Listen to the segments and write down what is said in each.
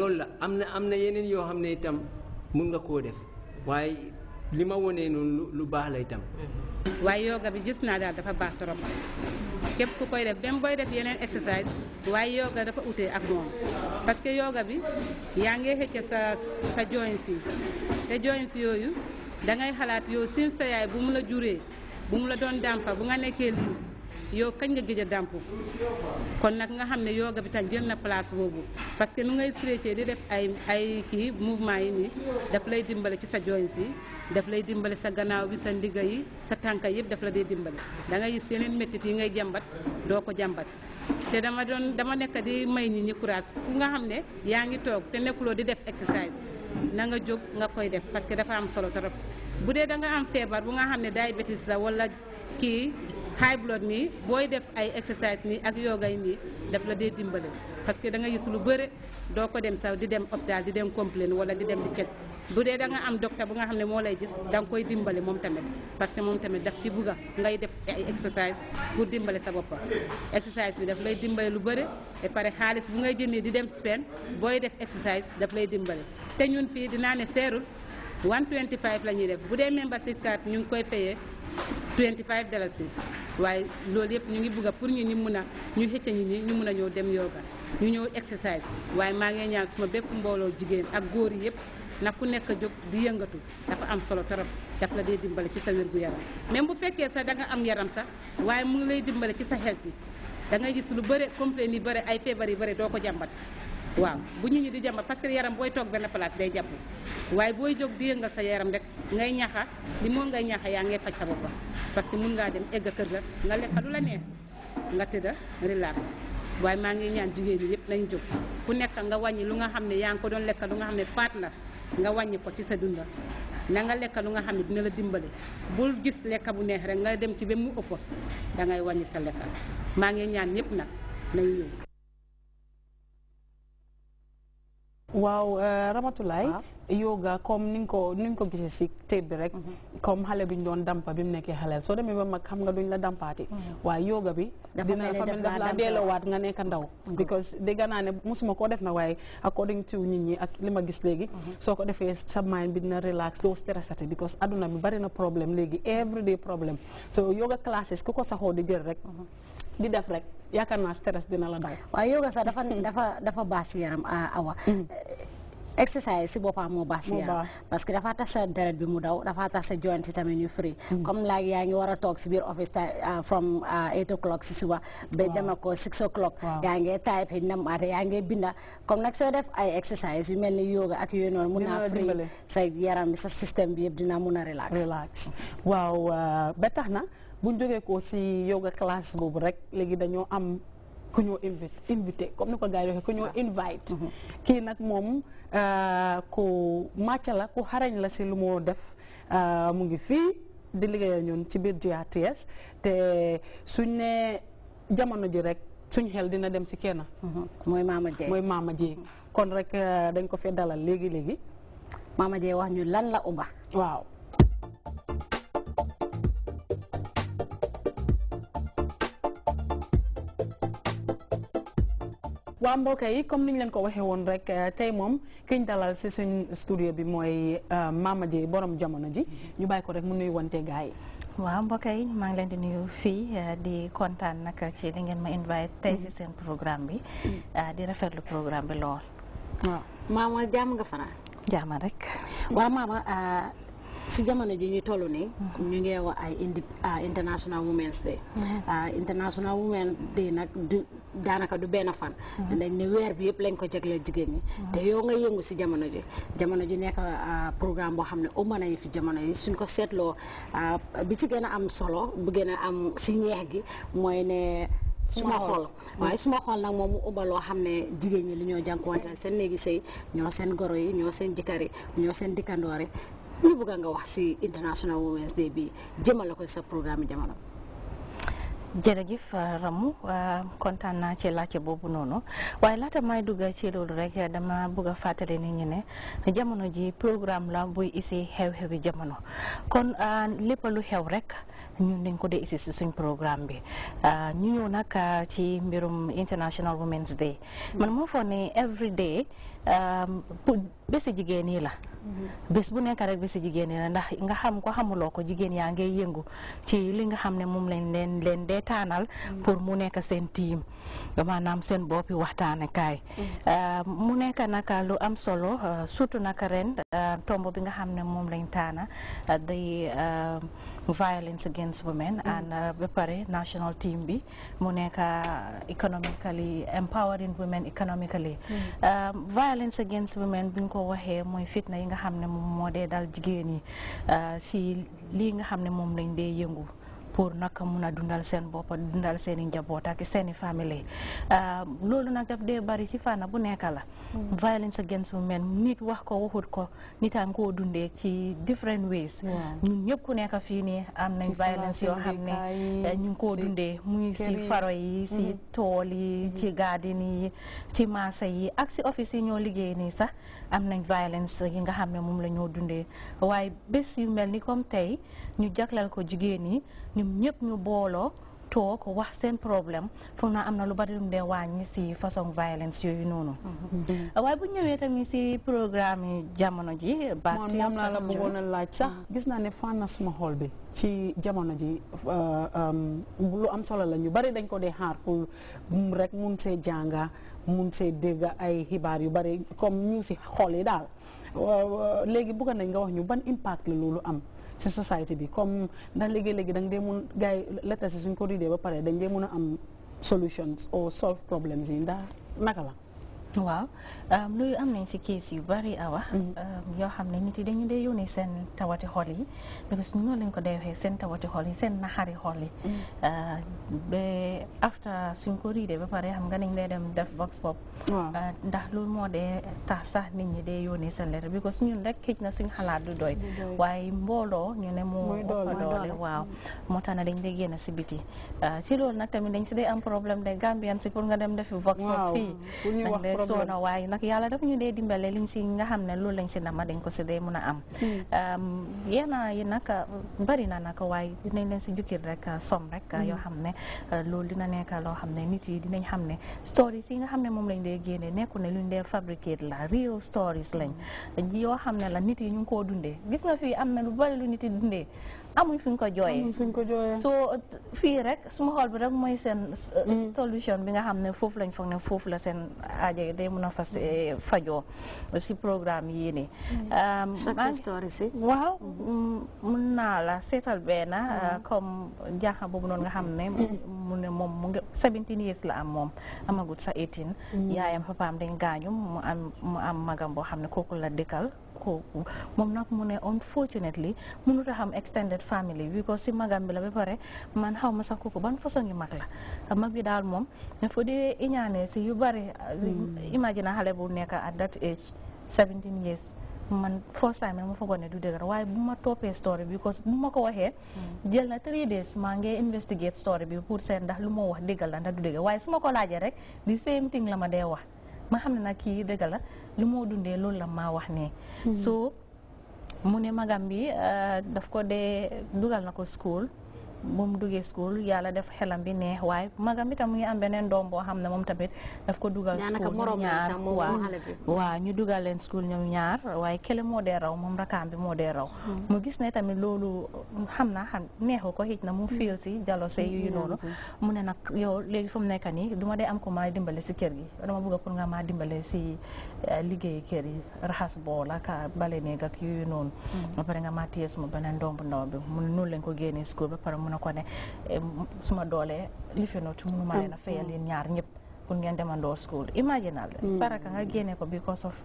loolu la am na am na yeneen yoo xam ne itam mun nga koo def waaye li ma wonee noonu lu baax lay itam waaye yooga bi gis naa daal dafa baax trop képp ku koy def dem booy def yeneen exercice waaye yoga dafa utee ak moom parce que yoga bi yaa ngi xëcc sa sa joints yi te joints yooyu da ngay xalaat yow sin sa yaay bu mu la juree bu mu la doon dàmpa bu nga nekkee lii yow kañ nga gëj a dàmpu kon nag nga xam ne yooga bi tam jël na place boobu parce que nu ngay stretcher di def ay ay kii mouvement yi nii daf lay dimbale ci sa joints yi daf lay dimbale sa gannaaw bi sa ndigga yi sa tànka yëpp daf la dee dimbale da ngay gis yeneen méttit yi ngay jàmbat doo ko jàmbat te dama doon dama nekk di may nit ñi courage ku nga xam ne yaa ngi toog te nekkuloo di def exercice na nga jóg nga koy def parce que dafa am solo trop bu dee da kii high blood ni boy def ay exercise ni ak yoga ni daf la day dimbalé parce que da nga yiss lu beuré dem saw di dem hôpital di dem complain wala di dem di check budé da nga am docteur bu nga xamné mo lay gis dang koy dimbalé mom tamit parce que mom tamit daf ci buga ngay def ay exercise pour dimbalé sa bop exercise bi daf lay dimbalé lu beuré et paré xaliss bu ngay jëné di dem Spain boy def exercise daf lay dimbalé té ñun fi dina ne seerul 125 lañuy def bu dee membership card ñu ngi koy payé 25 dollars waaye loolu yëpp ñu ngi bëgg a pour ñu ñu mun a ñu xëcc ñi ñi ñu mun a ñëw dem yoga ñu ñëw exercise waaye maa ngi ñaan suma bépp mbooloo jigéen ak góor yi yëpp ndax ku nekk jóg di yëngatu dafa am solo trop daf la dee dimbale ci sa wérgu yaram même bu fekkee sax da nga am yaram sax waaye mu ngi lay dimbale ci sa xel da ngay gis lu bëre complain yi bëre ay feebar yi bëre doo ko jàmbat waaw bu ñu ñu di jàmbat parce que yaram booy toog benn place day jàpp waaye booy jóg di yëngal sa yaram rek ngay ñaxa li moo ngay ñaxa yaa ngay faj sa bopp parce que mun ngaa dem egg kër ga nga lekka lu la neex nga tëdda relax waaye maa ngi ñaan jigéen ñi yëpp nañ jóg ku nekk nga wàññi lu nga xam ne yaa ngi ko doon lekka lu nga xam ne faat na nga wàññi ko ci sa dunda na nga lekka lu nga xam ne dina la dimbale bul gis lekka bu neex rek nga dem ci ba mu ëpp da ngay wàññi sa lekka maa ngi ñaan ñëpp nag waaw euh, Ramatulaay ah. yoga comme ni nga ko ni nga ko gisee si tape bi rek mhm. comme xale bi ñu doon dampa bi mu nekkee xaleel soo demee ba mag xam nga duñ la dampaati mhm. waaye yoga bi dina fa mel daf laa delloowaat nga nekk ndaw mhm. because dégg naa ne musuma koo def na waaye according to nit ñi ak li ma gis léegi soo ko defee sa mind bi dina relax doo stressati because adduna bi bari na problème léegi everyday problème so yoga classes ku ko saxoo di jël rek di def rek yaakaar naa stress dina la dal. waaw yoga sax dafa dafa dafa baax si yaram ah, awa. Mm-hmm. exercise si boppam moo baax si yaram parce que dafa tax sa deret bi mu daw dafa tax sa joint yi tamit ñu free mm-hmm. comme laag yaa ngi war a toog si biir office ah, from ah, eight o'clock si suba ba dema ko six o'clock yaa ngi type yi nam aate yaa ngi binda comme nag soo def ay exercise yu mel ni yoga ak yooyu noonu mun naa free sa yaram bi sa système bi yëpp dina mun a relax waaw ba tax na bu ñu jógee ko si yoga classe boobu rek léegi dañoo am ku ñoo invité comme ni ko gars yi waxee ku ñoo invite. Mm-hmm. kii nag moom euh, ku màcc la ku xarañ la si lu moo def euh, mu ngi fii di liggéeyal ñun ci biir GRTS te suñ ne jamono ji rek. suñ xel dina dem si kenn. Mm-hmm. mooy Mama Dieng mooy Mama Dieng mm-hmm. kon rek euh, dañ ko fee dalal léegi léegi. Mama Dieng wax ñu lan la umba. waa mbokk yi comme niñ leen ko waxee woon rek eh, tey moom kiñ dalal si suñ studio bi mooy eh, Mama J boroom jamono ji ñu bàyyi ko rek mun nuyu wante gars yi. waaw mbokk yi maa ngi leen di nuyu fii eh, di kontaan nag ci li ngeen ma invite tey si mm-hmm. seen programme bi mm-hmm. di rafetlu programme bi lool. waaw maama jàmm nga fanaan. jaama rek waaw maama si jamono ji ñu toll nii. ñu ngi wax ay indi ah, international women's day. Mm-hmm. Ah, international women's day nag du daanaka du benn fan. Mm-hmm. dañ ni weer bi yëpp lañ ko jagleel jigéen ñi. Mm-hmm. te yow nga yëngu si jamono ji jamono ji nekk ah, programme boo xam ne ëmb na fi jamono yi suñ ko seetloo bi ci gën a am solo bu gën a am si ñeex gi mooy ne. suma xool waaye suma xool nag moom mu loo xam ne jigéen ñi li ñoo jànkuwante seen néegi sëy ñoo seen goro yi ñoo seen jëkkër yi ñoo seen dikkandoor yi lu bëgg nga wax si International Women's Day bi jëmale ko sa programme jamono. jërëjëf Ramu kontaan naa ci laajte boobu noonu waaye laata may dugg ci loolu rek dama bëgg a fàttali nit ñi ne jamono ji programme la buy isi xew-xewi jamono kon ah, lépp lu xew rek ñun dañ ko dee isi si suñ programme bi ah, ñu ñëw nag ah, ci mbirum International Women's Day mm. man moo foog every day bési jigéen yi la mm-hmm. bés bu nekk rek bési jigéen yi la ndax nga xam ko xamuloo ko jigéen yaa ngay yëngu ci li nga xam ne moom lañ leen leen dee taanal mm-hmm. pour mu nekk seen tiim maanaam seen boppi waxtaane kaay mm-hmm. euh, mu nekk naka lu am solo euh, surtout naka ren euh, tomb bi nga xam ne moom lañ taana di violence against women and ba pare national team bi mu nekk economically empowering women economically violence against women buñ ko ko waxee mooy fitna yi nga xam ne moom moo dee dal jigéen yi euh, si lii nga xam ne moom lañ dee yëngu pour nag mun a dundal seen boppa dundal seen i njaboot ak seen i famille euh, loolu nag def dee bari si fànn bu nekk la. Mm. violence against women nit wax ko waxut ko nitaan koo dundee ci different ways. ñun ñëpp ku nekk fii nii am nañ violence yoo xam ne ñu ngi koo dundee muy si faro yi si mm-hmm. tool yi mm-hmm. ci garden yi ci marché yi ak si office yi ñoo liggéey nii sax am nañ violence yi nga xam ne moom la ñoo dundee waaye bés yu mel ni comme tey. ñu jagleel ko jigéen yi ñoom ñëpp ñu booloo toog wax seen problème foog naa am na lu bari lu mu dee wàññi si façon violence yooyu noonu. Mm-hmm. waaye bu ñëwee tamit si programme yi jamono ji. ba moom laa la bëggoon laaj sax mm-hmm. gis naa ne fànn suma xol bi ci jamono ji euh, um, lu am solo la ñu bari dañ ko dee xaar pour rek mun see jànga mun see dégg ay xibaar yu bari comme ñu si xol yi daal. léegi bëgg nañ nga wax ñu ban impact la loolu am ci société bi comme ndax léegi-léegi da nga dee mun gars yi lettre si suñ ko riidee ba pare dañ dee mun a am solutions or solve problems yi ndax naka la waaw luy am nañ si case yu bari awa mm-hmm. yoo xam ne nit yi dañu dee yónnee seen tawati xol yi parce que lañ ko dee waxee seen tawati xol yi seen naxari xol yi mm-hmm. ba after suñ ko riidee ba pare xam nga nañ lay dem def vox pop ah, ndax loolu moo dee tax sax nit ñi dee yónnee seen lettre bi parce que ñun rek xëj na suñ xalaat du doy waaye mbooloo ñu ne moo ëpp doole mm-hmm. moo tax na dañ dee génn si biti ah, si loolu nag tamit dañ si dee am problème de Gambian si pour nga dem defi vox pop fii soona waaye nag yàlla daf ñu dee dimbale liñ si hmm. uh, nga xam ne lool lañ si nama dañ ko si dee mun a am yenn yi nag na nag waaye dinañ leen si som rek yoo xam ne loolu dina nekka loo xam ne nit yi dinañ xam ne stories yi nga xam ne moom lañ dee génne nekku ne luñ dee fabricate la real stories lañ hmm. yoo xam ne la nit yi ñu ngi koo dundee gis nga fii am na lu bari lu nit yi dundee amuñ fuñ ko jooyee soo fii rek suma xool bi rek mooy seen hmm. solution bi nga xam ne foofu lañ foog ne foofu la seen aajo yi day mun a fas eh, fajoo si programme yii nii. Mm-hmm. Um, success story si waaw mm-hmm. mm, mun naa la seetal na uh, mm-hmm. comme jaaxa boobu noonu nga xam ne mu ne moom mu ngi 17 years la am moom amagut sa 18 yaayam papaam dañ gaañu mu am mu am magam boo xam ne kooku la dëkkal kooku moom nag mu ne unfortunately mënut a xam extended family because si magam bi la ba pare man xaw ma sax kooku ban façon yu mag la mag bi daal moom foo dee iñaane si yu bari hmm. imagine xale bu nekk at that age 17 years man first time ma foogoon ne du dëgër waaye bu ma toppee story bi because bu ma ko waxee hmm. jël na three days maa ngi investigate story bi pour seet ndax lu ma wax dëggal la ndax du dëgg waaye su ma ko laajee rek the ma dee wax ma xam ne nag kii dëgg la li moo dundee loolu la ma wax ne hmm. so mu ne magam bi euh, daf ko dee dugal na ko school moom duggee school yàlla def xelam bi neex waaye magam itam mu ngi am beneen doom boo xam ne moom tamit daf ko dugal school ñaar waaw ñu dugal leen school ñoom ñaar waaye kele moo dee raw moom rakaam bi moo dee raw hmm. mu gis ne tamit loolu xam naa xam neexu ko xëj na mu hmm. fiil si jalose hmm. yu noonu mu ne nag yow léegi fu mu nekk nii duma dee am ko maa dimbale si kër gi dama bëgg pour nga maa dimbale si eh, liggéey kër yi raxas bool ak ah, bale néeg ak yooyu noonu ba pare nga maa mun a ko ne suma doole li fi noonu munuma leen a mm, fayal mm. leen ñaar ñëpp pour ngeen demandoo school imaginal mm. faraka nga génne ko because of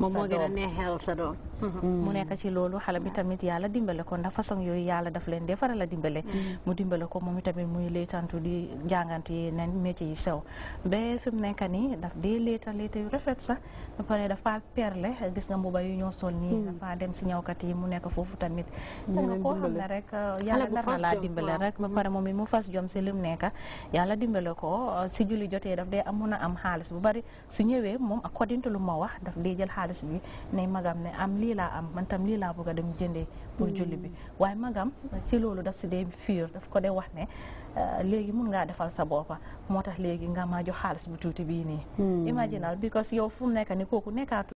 moom moo gën a neexal sa doom mm-hmm. mu nekk ci loolu xale bi tamit yàlla dimbale ko ndax façon yooyu yàlla daf leen defara la dimbale mm-hmm. mu dimbale ko moom tamit muy leetantu di jàngantu yi nen métier yi sew ba fi mu nekk nii daf dee leeta leeta yu rafet sax ba pare dafa gis nga mbuba yu ñoo sol nii mm-hmm. dafa dem si ñawkat yi mu nekk foofu tamit nga koo xam ne uh, dimbale rek ba pare moom it mu fas jom si lim nekk yàlla dimbale ko si uh, julli jotee daf dee amun a am xaalis bu bari su ñëwee moom according to wax daf dee jël xaalis xaalis bi ne magam ne am lii la am man tam lii laa bëgg a dem jëndee pour julli bi hmm. waaye magam ci loolu daf si dee fiir daf ko dee wax ne euh, léegi mun ngaa defal sa boppa moo tax léegi nga maa jox xaalis bu tuuti bii nii hmm. imaginal because yow fu mu nekk ni kooku nekkaatu